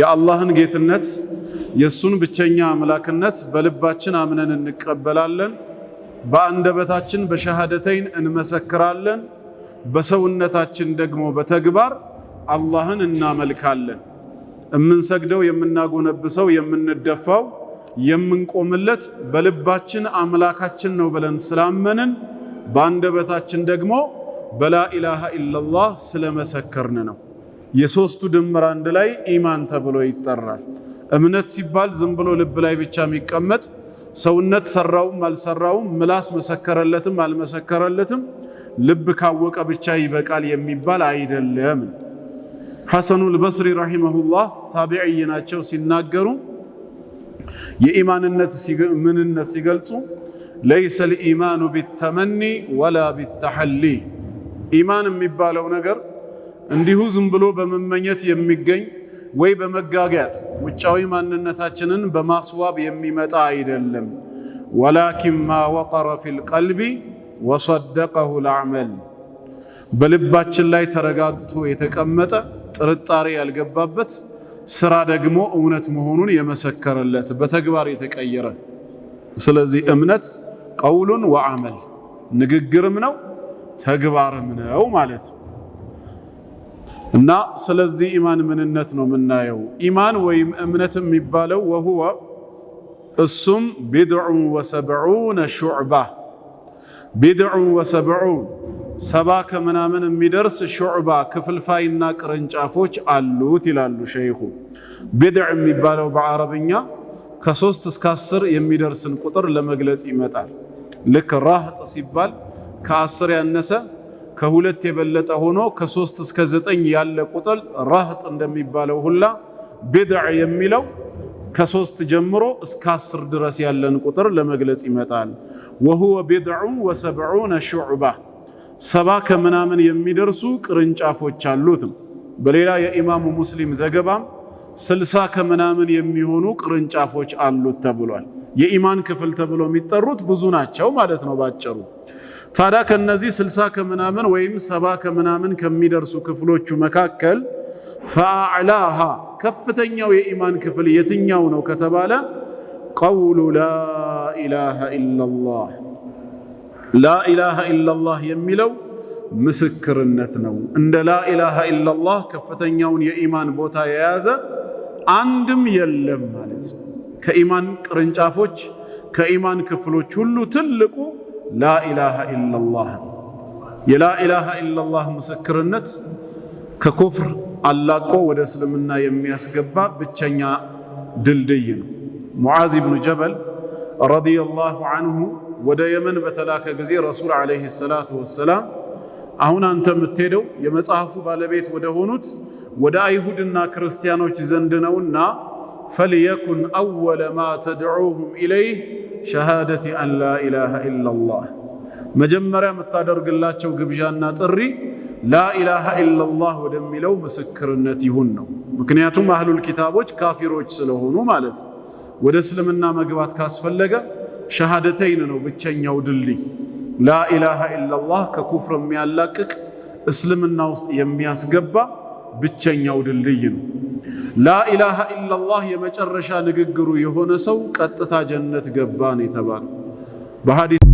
የአላህን ጌትነት የእሱን ብቸኛ አምላክነት በልባችን አምነን እንቀበላለን። በአንደበታችን በሸሃደተይን እንመሰክራለን። በሰውነታችን ደግሞ በተግባር አላህን እናመልካለን። እምንሰግደው የምናጎነብሰው፣ የምንደፋው፣ የምንቆምለት በልባችን አምላካችን ነው ብለን ስላመንን በአንደበታችን ደግሞ በላኢላሃ ኢላላህ ስለመሰከርን ነው። የሶስቱ ድምር አንድ ላይ ኢማን ተብሎ ይጠራል። እምነት ሲባል ዝም ብሎ ልብ ላይ ብቻ የሚቀመጥ ሰውነት ሰራውም አልሰራውም ምላስ መሰከረለትም አልመሰከረለትም ልብ ካወቀ ብቻ ይበቃል የሚባል አይደለም። ሐሰኑል በስሪ ረሂመሁላህ ታቢዕይ ናቸው ሲናገሩ የኢማንነት ምንነት ሲገልጹ ለይሰ ልኢማኑ ቢተመኒ ወላ ቢተሐሊ ኢማን የሚባለው ነገር እንዲሁ ዝም ብሎ በመመኘት የሚገኝ ወይ በመጋጋጥ ውጫዊ ማንነታችንን በማስዋብ የሚመጣ አይደለም። ወላኪን ማ ወቀረ ፊል ቀልቢ ወሰደቀሁ ልአመል በልባችን ላይ ተረጋግቶ የተቀመጠ ጥርጣሬ ያልገባበት ስራ ደግሞ እውነት መሆኑን የመሰከረለት በተግባር የተቀየረ። ስለዚህ እምነት ቀውሉን ወአመል ንግግርም ነው ተግባርም ነው ማለት ነው። እና ስለዚህ ኢማን ምንነት ነው የምናየው። ኢማን ወይም እምነት የሚባለው ወሁወ እሱም ቢድዑን ወሰብዑነ ሹዕባ ቢድዑን ወሰብዑን ሰባ ከምናምን የሚደርስ ሹዕባ ክፍልፋይና ቅርንጫፎች አሉት ይላሉ ሸይኹ። ቢድዕ የሚባለው በአረብኛ ከሶስት እስከ አስር የሚደርስን ቁጥር ለመግለጽ ይመጣል። ልክ ራህጥ ሲባል ከአስር ያነሰ ከሁለት የበለጠ ሆኖ ከሶስት እስከ ዘጠኝ ያለ ቁጥር ረህጥ እንደሚባለው ሁላ ቢድዕ የሚለው ከሶስት ጀምሮ እስከ አስር ድረስ ያለን ቁጥር ለመግለጽ ይመጣል። ወሁወ ቢድዑን ወሰብዑነ ሹዕባ ሰባ ከምናምን የሚደርሱ ቅርንጫፎች አሉት። በሌላ የኢማሙ ሙስሊም ዘገባም ስልሳ ከምናምን የሚሆኑ ቅርንጫፎች አሉት ተብሏል። የኢማን ክፍል ተብሎ የሚጠሩት ብዙ ናቸው ማለት ነው ባጭሩ። ታዲያ ከነዚህ ስልሳ ከምናምን ወይም ሰባ ከምናምን ከሚደርሱ ክፍሎቹ መካከል ፈአዕላሃ ከፍተኛው የኢማን ክፍል የትኛው ነው ከተባለ ቀውሉ ላኢላሃ ኢላላህ ላኢላሃ ኢላላህ የሚለው ምስክርነት ነው። እንደ ላኢላሃ ኢላላህ ከፍተኛውን የኢማን ቦታ የያዘ አንድም የለም ማለት ነው። ከኢማን ቅርንጫፎች ከኢማን ክፍሎች ሁሉ ትልቁ ላኢላሃ ኢላላህ የላኢላሃ ኢላላህ ምስክርነት ከኩፍር አላቆ ወደ እስልምና የሚያስገባ ብቸኛ ድልድይ ነው። ሙዓዝ ብኑ ጀበል ረዲየላሁ አንሁ ወደ የመን በተላከ ጊዜ ረሱል ዓለይሂ ሰላቱ ወሰላም አሁን አንተ የምትሄደው የመጽሐፉ ባለቤት ወደ ሆኑት ወደ አይሁድና ክርስቲያኖች ዘንድ ነውና ፈልየኩን አወለ ማ ተድዑሁም ኢለይህ ሸሃደቲ አን ላ ኢላሃ ኢላላህ መጀመሪያ የምታደርግላቸው ግብዣና ጥሪ ላኢላሃ ኢላላህ ወደሚለው ምስክርነት ይሁን ነው። ምክንያቱም አህሉል ኪታቦች ካፊሮች ስለሆኑ ማለት ነው። ወደ እስልምና መግባት ካስፈለገ ሸሃደተይን ነው ብቸኛው ድልድይ። ላኢላሃ ኢላላህ ከኩፍር የሚያላቅቅ እስልምና ውስጥ የሚያስገባ ብቸኛው ድልድይ ነው። ላኢላሃ ኢላላህ የመጨረሻ ንግግሩ የሆነ ሰው ቀጥታ ጀነት ገባ የተባለ በሀዲስ